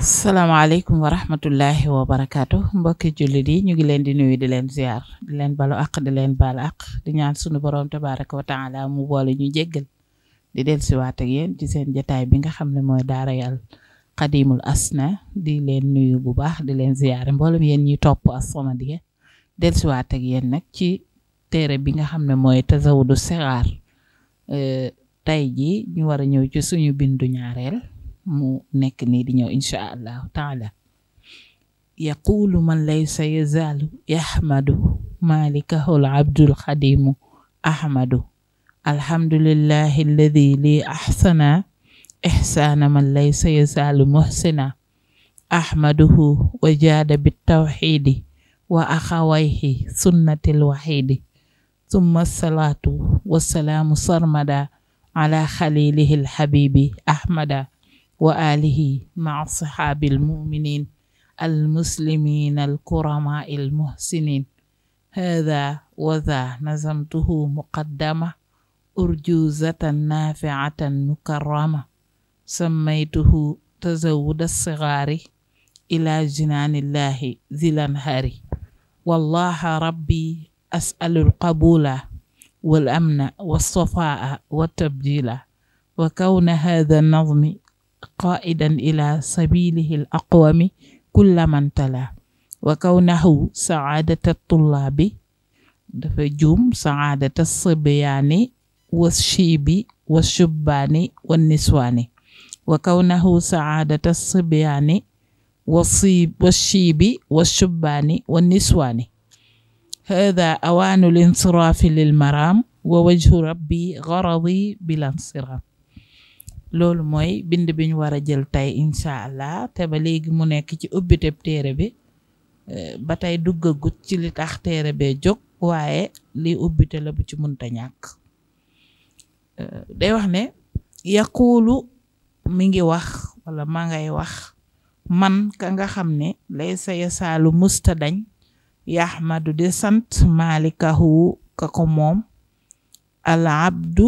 salaamaaleykum wa rahmatullahi wa barakaatu mbokki jullit di ñu ngi leen di nuyu di leen ziar di leen balu ak di leen baal ak di ñaan sunu borom tabaraka wa taala mu boole ñu jéggal di del siwaat ak yéen ci seen jataay bi nga xam ne mooy daara yàlla xadimul asna di leen nuyu bu baax di leen ziare mboolem yéen ñi topp As-Samadiyya del siwaat ak yéen nag ci téere bi nga xam ne mooy tazawudu sixaar tey ji ñu war a ñëw ci suñu bindu ñaareel mu nekk nii di ñëw incha allahu taala yaqulu man laysa yazaalu yaxmadu malikahu l abdul xadimu ahmadu alhamdulillahi alladi li axsana ixsaana man laysa yazaalu muxsina ahmaduhu wa jaada bitawxiidi wa axawayhi sunnati lwaxiidi summa salaatu wasalaamu sarmada ala xalilihi alxabibi ahmada wa alihi ma asxaabi almuminin almuslimin alkurama almuhsinin hada wada nazamtuhu muqaddama urjuzatan nafiatan mukarrama sammaytuhu tazawud alsigaari ila jinaanillahi zilanhari wallaha rabbi asalu alqabula wal amna wa alsafaa wa wa kawna hada nazmi qaidan ila sabilihi al aqwami kulla man tala wa kawnahu saadata tullaabi dafa juum saadata sibyaani wa shiibi wa shubbaani wa niswaani wa kawnahu saadata sibyaani wa shiibi wa shubbaani wa niswaani hada awaanu linsiraafi lilmaraam wa wajhu rabbi garadi bila nsiraam loolu mooy bind bi ñu war a jël tey incha allah te ba léegi mu nekk ci ubbiteb téere bi eh, ba tey duggagut ci li tax téere bee jog waaye li ubbite la bu ci munta ñàkk eh, day wax ne yaquulu mi ngi wax wala ma ngay wax man ka nga xam ne lay sa yasaalu musta dañ yaxmadu di sant malikahu ka ko moom al abdu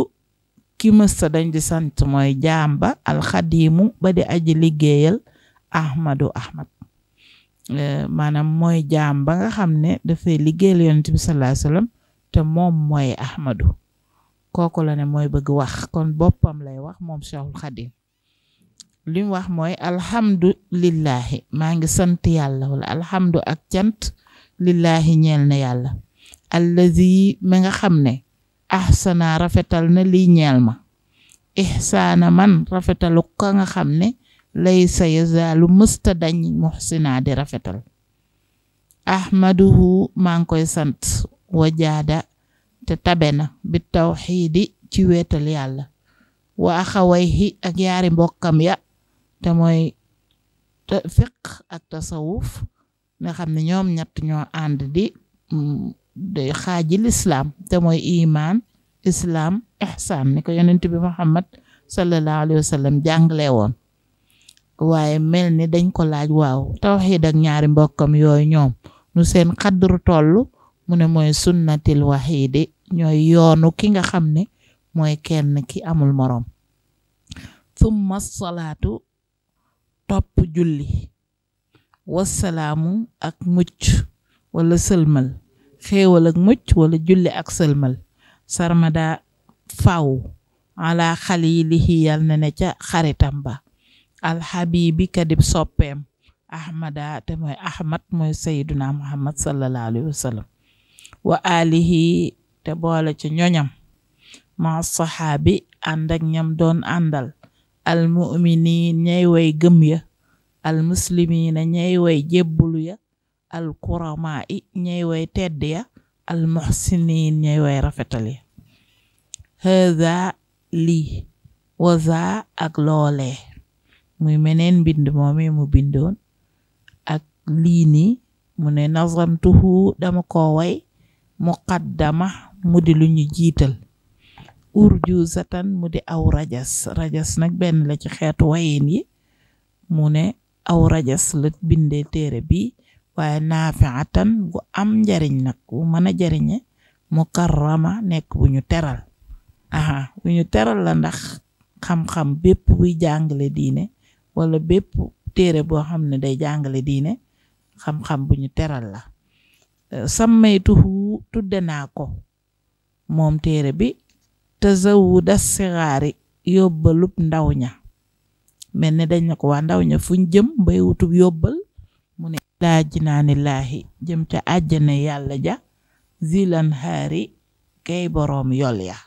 ki mësta dañ di sant mooy jaam ba alxadimu ba di aji liggéeyal ahmadu ahmad eh, maanaam mooy jaam ba nga xam ne dafay liggéeyal yonent bi sallallahu te moom mooy ahmadu kooku la ne mooy bëgg wax kon boppam lay wax moom cheikhul xadim li wax mooy alhamdulillahi maa ngi sant yàlla wala alhamdu ak cant lillahi ñeel na yàlla allazi ma nga xam ne ahsana rafetal na lii ma ihsaana man rafetalu ka nga xam ne lay yazaalu mësta dañ muhsina di rafetal ahmaduhu maa koy sant wajaada te tabena bi tawxiidi ci weetal yàlla wa axawayhi ak yaari mbokkam ya te mooy fiq ak tasawuf nga xam ne ñoom ñett ñoo ànd di mm, day xaaji lislaam te mooy imaan islaam ihsaan ni ko bi Muhammad sallallahu alayhi wa sallam jàngale woon waaye mel ni dañ ko laaj waaw tawxiid ak ñaari mbokkam yooyu ñoom nu seen xadru toll mu ne mooy sunnatil waxiidi ñooy yoonu ki nga xam ni mooy kenn ki amul moroom summa salaatu topp julli wasalaamu ak mucc wala sëlmal xéewal ak mucc wala julli ak sëlmal sarmada faw ala xalilihi yal na ne ca xaritam ba alxabibi kadib soppeem ahmada te mooy ahmad mooy sayduna muhammad sallallahu alayhi wa wa alihi te boole ca ñoñam ma saxaabi ànd ak ñam doon àndal almuminin ñay way gëm ya almuslimina ñay way jébbulu ya alkuramaa i ñay way tedd ya almuhsiniin ñay way rafetal ya lii waza ak loole muy meneen mbind moome mu bindoon ak lii nii mu ne nazamtuhu dama ko mu muqaddama mu di lu ñu jiital urju satan mu di aw rajas rajas nag benn la ci xeetu wayeen yi mu ne aw rajas la binde téere bi waaye naafiatan gu am njariñ nag bu mën a jariñe mukarrama nekk bu ñu teral aha bu ñu teral la ndax xam-xam bépp buy jàngale diine walla bépp téere boo xam ne day jàngale diine xam-xam bu ñu teral la euh, sammaytuhu tudde naa ko moom téere bi tazawuda sigaari yóbbalub ndaw ña mel ne dañ na ko waa ndaw ña fuñ jëm bay wutub yóbbal mu ne laa jinaani laahi jëm ca àjjana yàlla ja zilan xaari kay boroom yool ya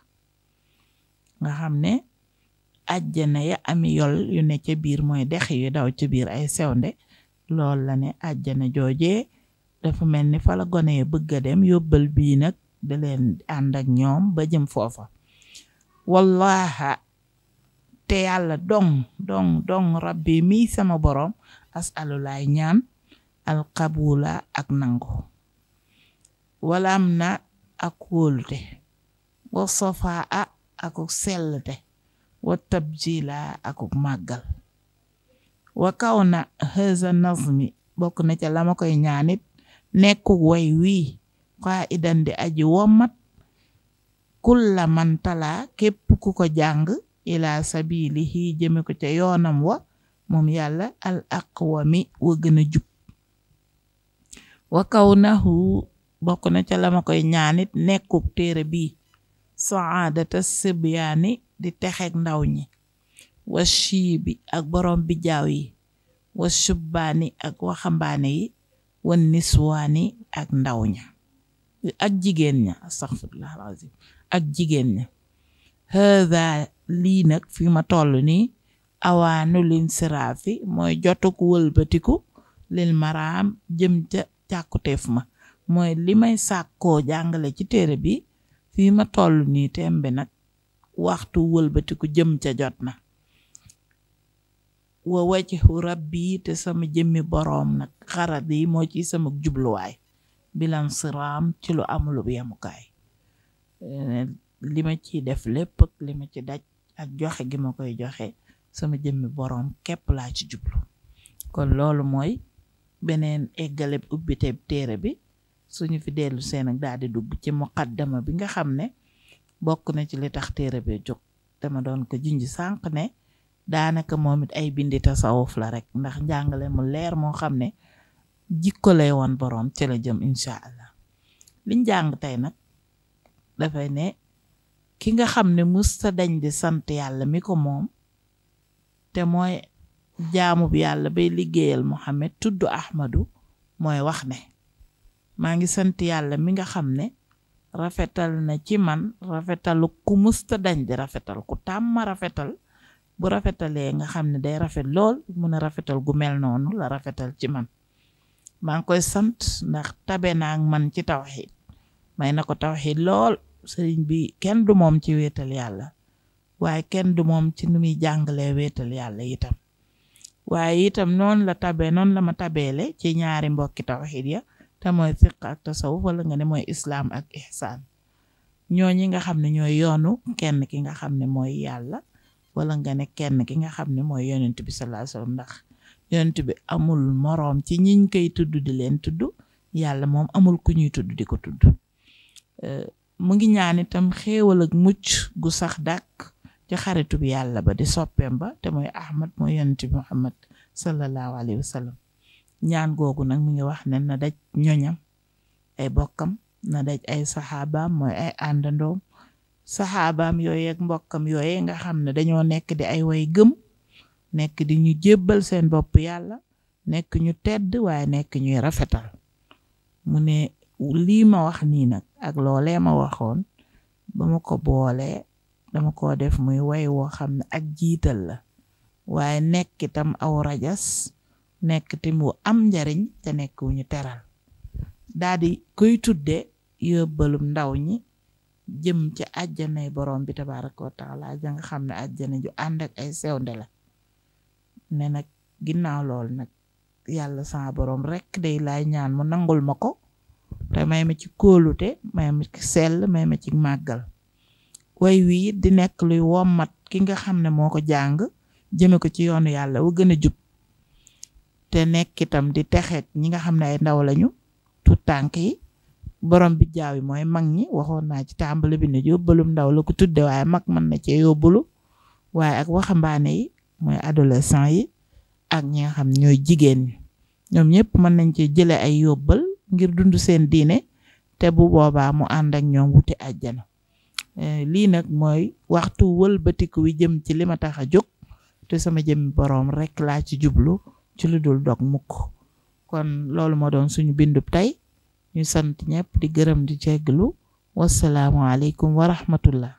nga xam ne àjjana ya ami yol yu ne ca biir mooy dex yu daw ca biir ay sewnde lool la ne àjjana jooje dafa mel ni fala gone ya bëgg a dem yóbbal bii nag da leen ànd ak ñoom ba jëm foofa wallaha te yàlla dong dong dong rabbi mii sama boroom asalulaay ñaan alxabula ak nangu walaam na ak wóolute wa sofaa akuk sellte wa tabjila akuk màggal wa kaw na hëza nazmi bokk na ca lama koy ñaanit nekkuk woy wii xaa idan di aji wommat kulla mantala képp ku ko jàng ila sabilihi jëme ko ca yoonam wa moom yàlla al aqwami wa gën a jub wa kaw nahu bokk na ca la ma koy ñaanit nekkub téere bii saadata sibyaani di texeeg ndaw ñi wa shii ak borom bi jaaw yi wa shubbaani ak waxambaane yi wa niswaani ak ndaw ña ak jigéen ña astaghfirullah alazim ak jigéen ña hada lii nag fi ma toll nii awaanu lin siraafi mooy jotuk wëlbatiku lil maraam jëm ca càkkuteef ma mooy li may sàkkoo jàngale ci téere bi fii ma toll nii teem bi nag waxtu wëlbatiku jëm ca jot na wa wajhu rabbi te sama jëmmi boroom nag xarab yi moo ci sama jubluwaay bilan siraam ci lu amul yemukaay eh, li ma ciy def lépp lima ci daj ak joxe gi ma koy joxe sama jëmmi boroom képp laa ci jublu kon loolu mooy beneen eggale ubbite téere bi su ñu fi dellu seen ak daal di dugg ci mu muqaddama bi nga xam ne bokk na ci li tax téere bi jóg dama doon ko junj sànq ne daanaka moom it ay bindi tasawuf la rek ndax njàngale mu leer moo xam ne jikko lay woon boroom ci la jëm incha allah liñ jàng tey nag dafay ne ki nga xam ne musta dañ di sant yàlla mi ko moom te mooy jaamu bi yàlla bay liggéeyal Muhammad tudd Ahmadu mooy wax ne maa ngi sant yàlla mi nga xam ne rafetal na ci man rafetalu ku musta dañ di rafetal ku tàmm rafetal bu rafetalee nga xam ne day rafet lool mun a rafetal gu mel noonu la rafetal ci man maa ngi koy sant ndax tabe naa man ci tawxiid may na ko tawxiid lool sëriñ bi kenn du moom ci wéetal yàlla waaye kenn du moom ci nu muy jàngalee wéetal yàlla itam waaye itam noonu la tabe noonu la ma tabeele ci ñaari mbokki tawxiid ya te mooy fiq ak tasawuf wala nga ne mooy islaam ak ihsaan ñoo ñi nga xam ne ñooy yoonu kenn ki nga xam ne mooy yàlla wala nga ne kenn ki nga xam ne mooy yonent bi sallallahu alayhi ndax yonent bi amul moroom ci ñiñ kay tudd di leen tudd yàlla moom amul ku ñuy tudd di ko tudd mu ngi ñaan itam xéewal ak mucc gu sax dàkk ci xaritub yàlla ba di soppeem ba te mooy ahmad mooy yonent bi muhammad sallallahu alayhi wa ñaan googu nag mu ngi wax ne na daj ñoñam ay bokkam na daj ay saxaabaam mooy ay àndandoom saxaabaam yooyu mbokkam yooyu nga xam ne dañoo nekk di ay way gëm nekk di ñu jébbal seen bopp yàlla nekk ñu tedd waaye nekk ñuy rafetal mu ne lii ma wax nii nag ak loolee ma waxoon ba ma ko boolee dama koo def muy way woo xam ne ak jiital la waaye nekk itam aw rajas nekk tim am njariñ te nekk wu ñu teral daal kuy tudde yóbbalum ndaw ñi jëm ci àjjanay borom bi tabaraka wa taala ja xam ne àjjana ju ànd ak ay sewnde la ne nag ginnaaw lool nag yàlla sama borom rekk day lay ñaan mu nangul ma ko te may ma ci kóolute may ma ci sell may ma ci màggal way wii di nekk luy wommat ki nga xam ne moo ko jàng jëme ko ci yoonu yàlla wa gën a jub te nekk itam di texeet ñi nga xam ne ay ndaw lañu tut tànk yi borom bi jaaw yi mooy mag ñi waxoon naa ci tàmbali bi ne yóbbalum ndaw la ko tudde waaye mag mën na cee yóbbalu waaye ak waxambaane yi mooy adolescent yi ak ñi nga xam ñooy jigéen ñi ñoom ñëpp mën nañ cee jële ay yóbbal ngir dund seen diine te bu boobaa mu ànd ak ñoom wuti àjjana Eh, lii nag mooy waxtu wëlbatiku wi jëm ci li ma tax a jóg te sama jëm boroom rekk laa ci jublu ci lu dul dog mukk kon loolu moo doon suñu bindub tey ñu sant ñëpp di gërëm di jégglu wasalaamualeykum wa rahmatullah